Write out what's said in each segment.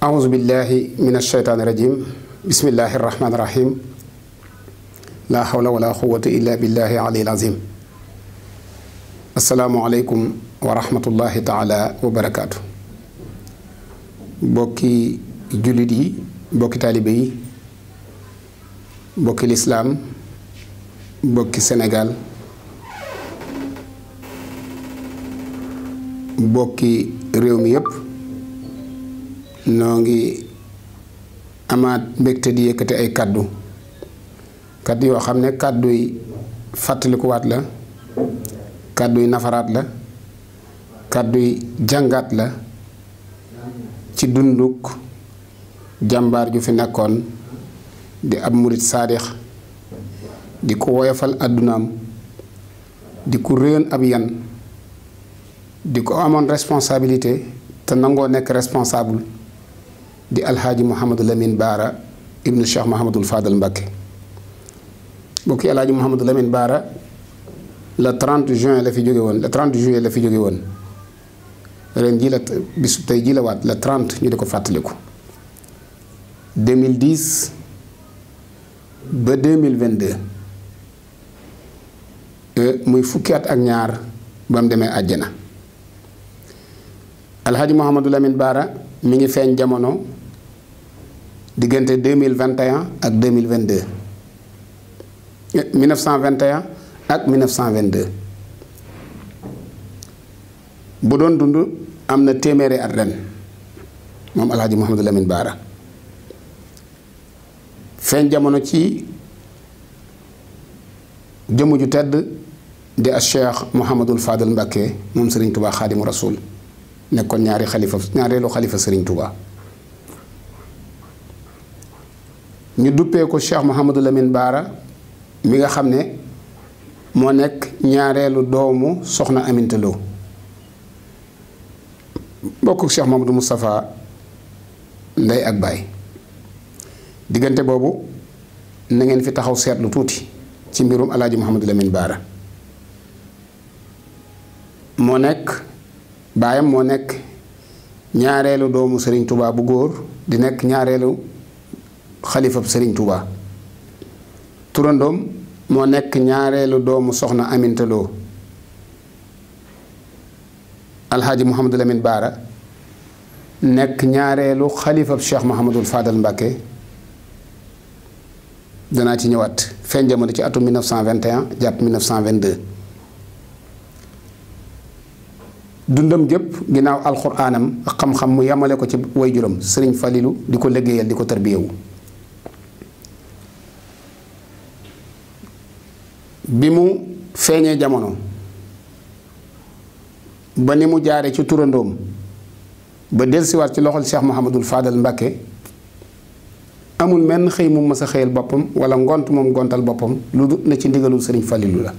أعوذ بالله من الشيطان الرجيم بسم الله الرحمن الرحيم لا حول ولا قوة إلا بالله العلي العظيم السلام عليكم ورحمة الله تعالى وبركاته بوكي جلدي بوكي طالبي بوكي الإسلام بوكي سنغال بوكي ريومي يب noo ngi amaat mbégte di yëkkati ay kàddu kàddu yoo xam ne kàddu yi fàttalikuwaat la kàddu yi nafaraat la kàddu yi jàngaat la ci dunduk jàmbaar ju fi nekkoon di ab murit saadix di ko woyofal àddunaam di ku réyoon ab yan di ko amoon responsabilité te nangoo nekk responsable di alxaaji Mouhamadou Lamine Baara ibnu Cheikh Mouhamadul Fadal Mbacke mbokk yi alxaaji Mouhamadou Lamine Baara le trent juin la fi jóge woon le 30 juillet la fi jóge woon ren jii la bisu tey jii la waat le 30 ñu di ko fàttaliku 2010 vingt 2022 muy fukki at ak ñaar ba mu demee àjjana alxaaji Mouhamadou Lamine Baara mi ngi feeñ jamono diggante 2021 ak 2022 1921 ak 1922 bu doon dund am na téeméeri at ren moom alxaaji Mouhamadou Lamine Baara feeñ jamono ci jëmm ju tedd di a Cheikh Mouhamadul Fadal Mbakke moom Serigne Touba Xaadimu Rasuul nekkoon ñaari xalifa ñaareelu xalifa sëriñ Touba. ñu duppee ko Cheikh Mouhamadou Lamine Baara mi nga xam ne moo nekk ñaareelu doomu soxna Aminta bokk mbokku Cheikh Mouhamadou Moustapha ndey ak baay diggante boobu na ngeen fi taxaw seetlu tuuti ci mbirum El Hadj Mouhamadou Baara moo nekk. baayam moo nekk ñaareelu doomu sëriñ Touba bu góor di nekk ñaareelu xalifab sëriñ Touba turandoom moo nekk ñaareelu doomu soxna Aminta Lo alxaaji Mouhamadou Lamine Baara nekk ñaareelu xalifab Cheikh Mouhamadul Fadal Mbàkke danaa ci ñëwaat feeñ jamono ci atum 1921 jàpp 1922 dundam jëpp ginnaaw alxuraanam xam-xam mu yemale ko ci juróom sëriñ Falilu di ko liggéeyal di ko tarbiyewu bi mu feeñee jamono ba ni mu jaaree ci turandoom ba delsiwaat ci loxol Cheikh Mouhamadul Fadal Mbàkke amul menn xëy mu mës a xëyal boppam wala ngont moom gontal boppam lu dut na ci ndigalul sëriñ Falilu la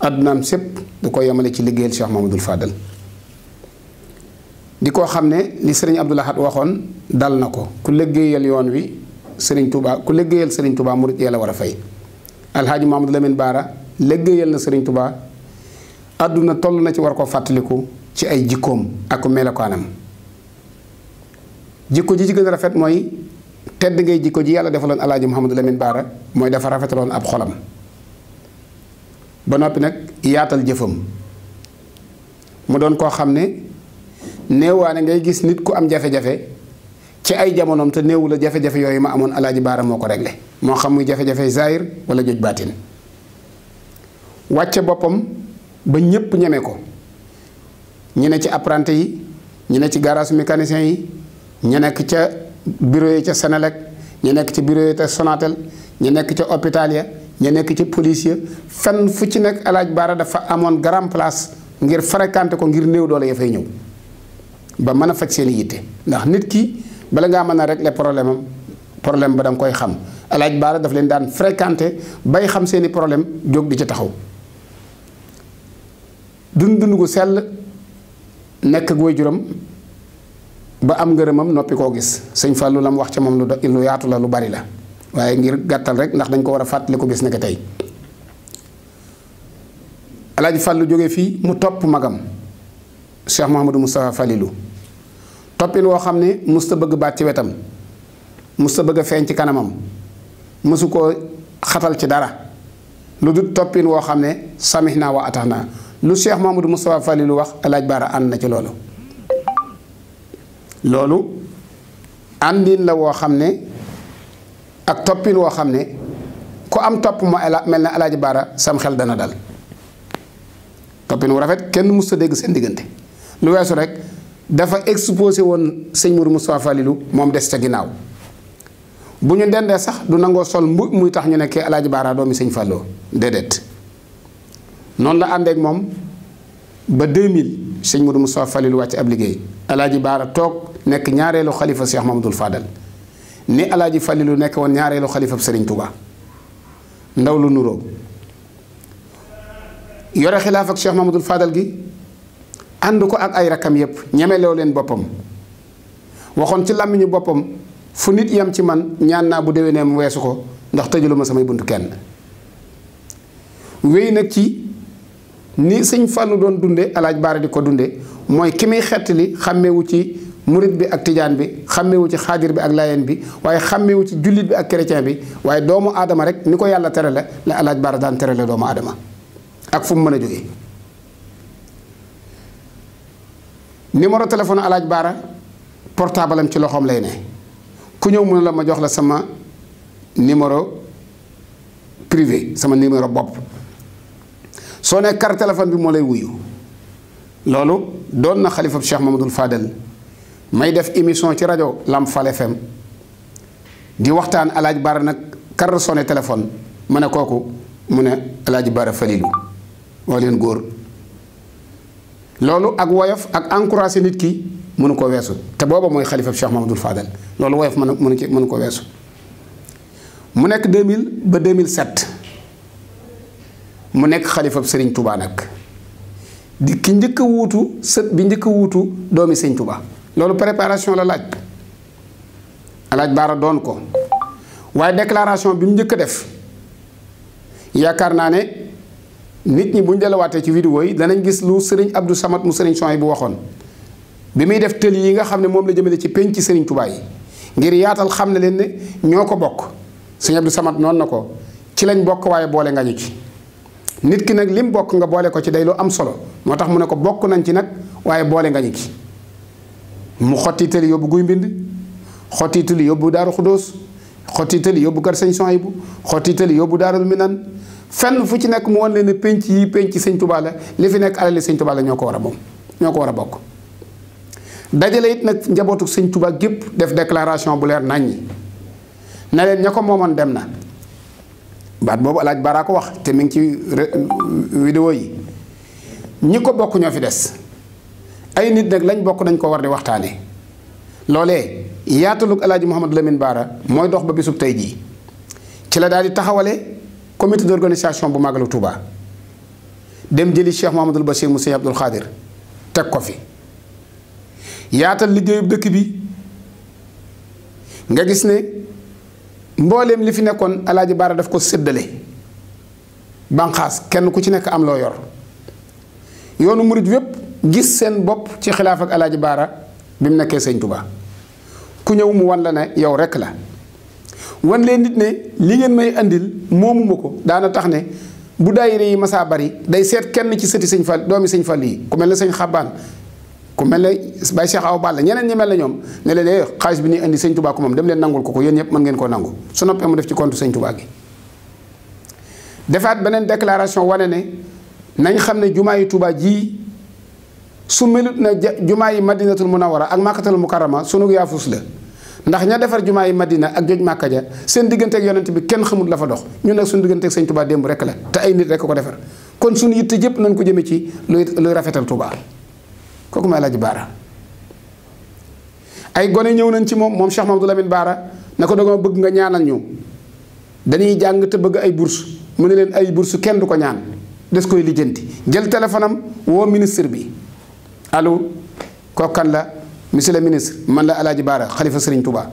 addunaam sépp da ko yemale ci liggéeyal Cheikh Mamadou Fadal di ko xam ne li sëriñ Abdou Lahad waxoon dal na ko ku liggéeyal yoon wi sëriñ Touba ku liggéeyal sëriñ Touba murit yàlla war a fay alxaaji Mamadou Lamine Baara liggéeyal na sëriñ Touba adduna toll na ci war ko fàttaliku ci ay jikkoom ak melokaanam jikko ji ci gën a rafet mooy tedd ngay jikko ji yàlla defaloon alxaaji Mamadou Lamine Baara mooy dafa rafetaloon ab xolam ba noppi nag yaatal jëfam mu doon koo xam ne néewaane ngay gis nit ku am jafe-jafe ci ay jamonoom te néewu la jafe-jafe yooyu ma amoon alaaji baara moo ko réglé moo xam muy jafe-jafe zaahir wala joj baatin wàcce boppam ba ñépp ñeme ko ñu ne ci apprenti yi ñu ne ci garage mécanicien yi ñu nekk ca bureau yi ca Senelec ñu nekk ca bureau yi ca Sonatel ñu nekk ca hôpital ya ña nekk ci police ya fenn fu ci nekk alaaj baara dafa amoon grand place ngir fréquenté ko ngir néew doole ya fay ñëw ba mën a faj seen yitte ndax nit ki bala ngaa mën a régler problème am problème ba da koy xam alaaj baara daf leen daan fréquenté bay xam seeni problème jóg di ci taxaw dund dund gu sell nekk ak waajuram ba am ngërëmam noppi koo gis sëñ Fallou la mu wax ci moom lu yaatu la lu bari la waaye ngir gàttal rek ndax dañ ko war a fàttali ko bis naka tey alaaji lu jóge fii mu topp magam Cheikh Mouhamadou Moustapha Falilou toppin woo xam ne musta bëgg baat ci wetam musta bëgg a feeñ ci kanamam mësu koo xatal ci dara lu dul toppin woo xam ne samih naa wa atax naa lu Cheikh Mouhamadou Moustapha Falilou wax alaaj baara ànd na ci loolu loolu àndin la woo xam ne ak toppin woo xam ne ku am topp mu mel ne alaaji baara sam xel dana dal toppin wu rafet kenn mus ta dégg seen diggante lu weesu rek dafa exposé woon sëñ Mourou Moustapha Falilou moom des ca ginnaaw bu ñu dendee sax du nangoo sol mbu muy tax ñu nekkee alaaji baara doomi sëñ Fallou déedéet noonu la àndeek moom ba 2000 sëñ mu Mourou Moustapha Falilou wàcc ab liggéey alaaji baara toog nekk ñaareelu xalifa Cheikh Mamadou Fadal ni alaaji Falilu nekk woon ñaareelu xalifab sëriñ Touba ndaw lu nuroo yore xilaaf ak Cheikh Mamadou Fadal gi ànd ko ak ay rakkam yépp ñemeloo leen boppam waxoon ci làmmiñu boppam fu nit yam ci man ñaan naa bu déwénee mu weesu ko ndax tëjalu ma samay buntu kenn wéy nag ci ni sëñ Fallou doon dunde alaaj Baara di ko dunde mooy ki muy xettali xàmmewu ci murit bi ak tijaan bi xàmmewu ci xaadir bi ak laayeen bi waaye xàmmewu ci jullit bi ak chrétien bi waaye doomu aadama rek ni ko yàlla terale la alaaj baara daan terale doomu adama ak fu mu mën a jógee numéro téléphone alaaj baara portable am ci loxoom lay ne ku ñëw mu ma jox la sama numéro privé sama numéro bopp soo ne carte téléphone bi moo lay wuyu loolu doon na xalifa Cheikh Mamadou Fadel may def émission ci rajo Lamfal FM di waxtaan alaaj Baara nag kar sonné téléphone ma ne kooku mu ne alaaj Baara Falilou moo leen góor loolu ak woyof ak encouragé nit ki mënu ko weesu te booba mooy xalifa Cheikh Mamadou Fadel loolu woyof mën mënu ci mënu ko weesu mu nekk 2000 ba 2007 mu nekk xalifa Serigne Touba nag di ki njëkk a wuutu sët bi njëkk a wuutu doomi Serigne loolu préparation la laaj laaj baara doon ko waaye declaration bi mu njëkk a def yaakaar naa ne nit ñi bu ñu delawaatee ci vidéo yi danañ gis lu sëriñ Abdou Samad mu sëriñ son yi bu waxoon bi muy def tël yi nga xam ne moom la jëmale ci penc sëriñ Tuubaa yi ngir yaatal xam ne leen ne ñoo ko bokk sëriñ Abdou Samad noonu na ko ci lañ bokk waaye boole nga ñu ci nit ki nag lim bokk nga boole ko ci day lu am solo moo tax mu ne ko bokk nañ ci nag waaye boole nga ñu ci mu xotti tëli yóbbu guy mbind xotti tëli yóbbu daaru xudóos xotti tëli yóbbu kër sëñ Sohaybu xotti tëli yóbbu daarul minan fenn fu ci nekk mu wan leen ne penc yi penc sëñ Tuubaa la li fi nekk alali sëñ Tuubaa la ñoo ko war a moom ñoo ko war a bokk dajale it nag njabootu sëñ Tuubaa gépp def déclaration bu leer naññi na leen ña ko moomoon dem na baat boobu alaaj baraa ko wax te mi ngi ci vidéo yi ñi ko bokk ñoo fi des ay nit nag lañ bokk dañ ko war di waxtaanee loolee yaatalug El Hadj Mouhamadou Lamine Baara mooy dox ba bisub tey jii ci la daal di taxawale comité d' bu mag Magalu tuuba dem jëli Cheikh Mouhamadul Bachir mu Sëñ Abdul Xaadir teg ko fi yaatal liggéeyub dëkk bi nga gis ne mbooleem li fi nekkoon El Hadj Baara daf ko séddale banqaas kenn ku ci nekk am loo yor yoonu murit wépp gis seen bopp ci xilaaf ak alaaji baara bi mu nekkee sëñ Tuubaa ku ñëw mu wan la ne yow rekk la wan leen nit ne li ngeen may indil moomuma ko daana tax ne bu daayira yi masaa bari day seet kenn ci sëti sëñ Fall doomi sëñ Fall yi ku mel ne sañ Xabaan ku mel ne Baye Cheikh Awa Balla ñeneen ñi mel ne ñoom ne leen eh xaalis bi ñuy andi sëñ Tuubaa ko moom dem leen nangul ko ko yéen ñëpp man ngeen koo nangu su noppee mu def ci compte sëñ Tuubaa gi. defaat beneen déclaration wane ne nañ xam ne jumaa yi ji su melut na jumaa yi madinatul munawara ak màkkatal mukarama sunu yaafus la ndax ña defar jumaa yi madina ak joj màkka ja seen digganteeg yonent bi kenn xamul la fa dox ñu nag suñu digganteeg sëñ tubaa démb rek la te ay nit rek ko defar kon suñu yitte yëpp nañ ko jëme ci luy luy rafetal tubaa kooku may laaj baara ay gone ñëw nañ ci moom moom Cheikh Mamadou Lamine Baara na ko dogama bëgg nga ñaanal ñu dañuy jàng te bëgg ay bourse mu ne leen ay bourse kenn du ko ñaan des koy lijjanti jël téléphone am woo ministre bi allo kooku kan la monsieur le ministre man la Alaaji Baara xalifa Sëriñ Tuubaa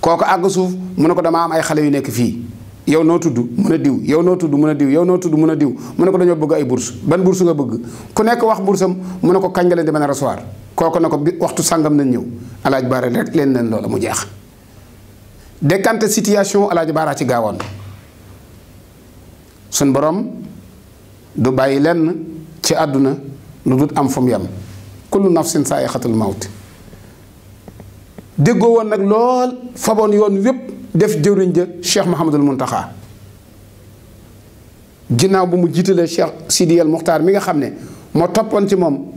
kooku àgg suuf mu ne ko dama am ay xale yu nekk fii yow noo tudd mën a diw yow noo tudd mën a diw yow noo tudd mën a diw mu ne ko dañoo bëgg ay bourse ban bourse nga bëgg ku nekk wax boursam mu ne ko kañ nga leen di mën na recevoir kooku ne ko waxtu sàngam nañ ñëw Alaaji Baara rek leen leen loola mu jeex décanté situation Alaaji Baara ci gaawoon sun borom du bàyyi lenn ci àdduna lu dut am fu mu yem kullu nafsin saa yaxatul mawti déggoo woon nag lool faboon yoon wépp def jëwriñ ja cheikh Mouhamadul Muntaxa ginnaaw bu mu jiitalee cheikh Sidiyal Muxtaar mi nga xam ne moo toppoon ci moom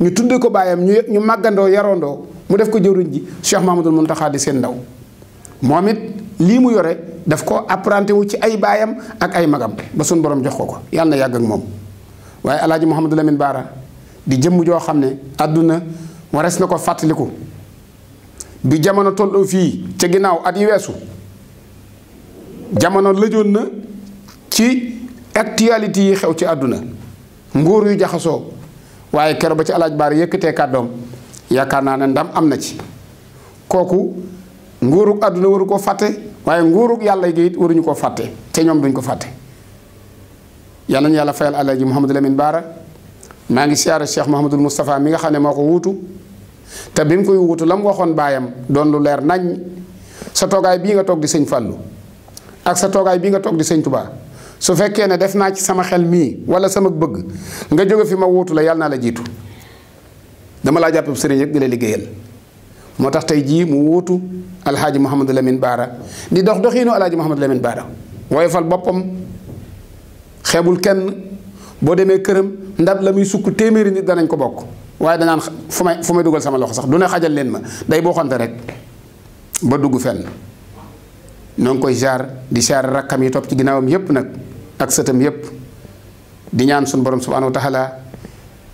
ñu tuddee ko baayam ñu ñu màggandoo yarandoo mu def ko jëwriñ ji cheikh Mouhamadul Muntaxa di seen ndaw moom it lii mu yore daf ko apprenti wu ci ay baayam ak ay magam ba suñu borom jox ko ko yàlla na yàgg moom. waaye alaaji Mouhamadou Lamine Baara di jëmm joo xam ne àdduna wares na ko fàttaliku bi jamono tolloo fii ca ginnaaw at yi weesu jamono lëjoon na ci actualité yi xew ci àdduna nguur yu jaxasoo waaye kero ba ci alaaj Baara yëkkatee kàddoom yaakaar naa ne ndam am na ci kooku nguurug àdduna waru koo fàtte waaye nguurug yàlla gi it waruñu koo fàtte te ñoom duñ ko fàtte yal nañu yàlla fayal alaaji Mouhamadou Lamine Baara maa ngi siyaare Cheikh Mouhamadul Moustapha mi nga xam ne moo ko wuutu te bi mu koy wuutu la mu waxoon baayam doon lu leer nañ sa toogaay bii nga togg di sëñ Fallou ak sa toogaay bii nga toog di sëñ Touba su fekkee ne def naa ci sama xel mii wala sama bëgg nga jóge fi ma wuutu la yàlla naa la jiitu dama laa jàpp sëriñ rek di la liggéeyal moo tax tey jii mu wuutu Alhaji Mouhamadou Lamine Baara di dox doxiinu Alhaji Mouhamadou Lamine Baara xeebul kenn boo demee këram ndab la muy sukk téeméeri nit danañ ko bokk waaye danaan fu may fu may dugal sama loxo sax du ne xajal leen ma day booxante rek ba dugg fenn noo ngi koy jaar di jaar rakkam yi topp ci ginnaawam yépp nag ak sëtam yépp di ñaan suñu borom subhaanahu wa taala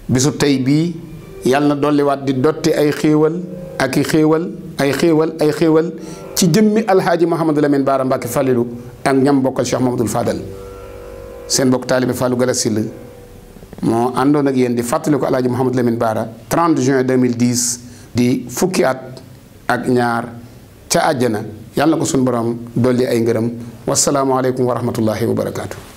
bisu tey bii yàlla na dolliwaat di dotti ay xéewal ak i xéewal ay xéewal ay xéewal ci jëmmi alxaaji Mouhamadou Lamine Baara Mbacke Falilou ak ñam bokkal Cheikh Mamadou Fadal seen bokk taalibe Fallou Galass Syll moo àndoon ak yéen di fàttali ko alaaji Mouhamadou Lamine Bara 30 juin 2010 di fukki at ak ñaar ca àjjana yàlla na ko suñu borom dolli ay ngërëm wasalaamualeykum wa rahmatullahi wa barakaatu.